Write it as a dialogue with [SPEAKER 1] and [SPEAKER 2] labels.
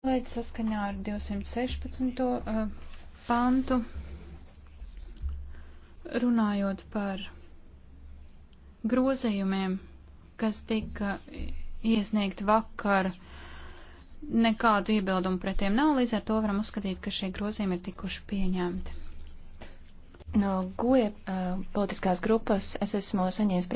[SPEAKER 1] Kolēģi saskaņā ar 216. Eh, pantu runājot par grozījumiem, kas tika iesniegt vakar, nekādu iebildumu pret tiem nav, līdz ar to varam uzskatīt, ka šie grozījumi ir tikuši pieņemti. No GUE uh, politiskās grupas es esmu saņēmis